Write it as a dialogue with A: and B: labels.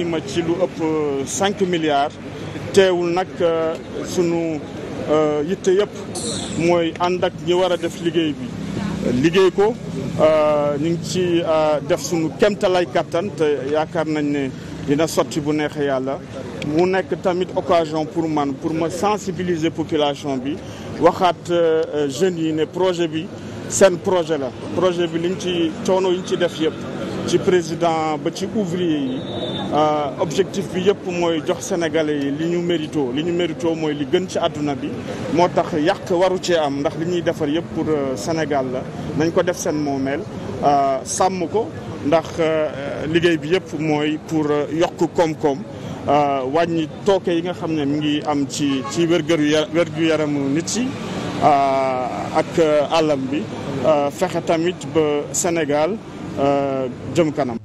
A: ma ci lu ëpp euh, cinq milliards teewul nag euh, sunu euh, yitte yëpp mooy ànd ak ñi war a def liggéey bi liggéey ko ñu ngi ci def sunu kemtalay kàttan te yaakaar nañ ne dina sotti bu neexee yàlla mu nekk tamit occasion pour man pour ma sensibiliser population bi waxaat jeunes yi ne projet bi seen projet la projet bi liñ ci coono yiñ ci def yëpp ci président ba ci ouvrier yi euh, objectif bi yëpp mooy jox sénégalais yi li ñu méritoo li ñu méritoo mooy li gën ci àdduna bi moo tax yàq waru cee am ndax li ñuy defar yëpp pour euh, Sénégal la nañ ko def seen moomeel euh, sàmm ko ndax liggéey bi yëpp mooy pour yokk koom-koom wàññi tooke yi nga xam ne mi ngi am ci ci gu yaram nit yi ak àllam bi fexe tamit ba Sénégal jëm e, kanam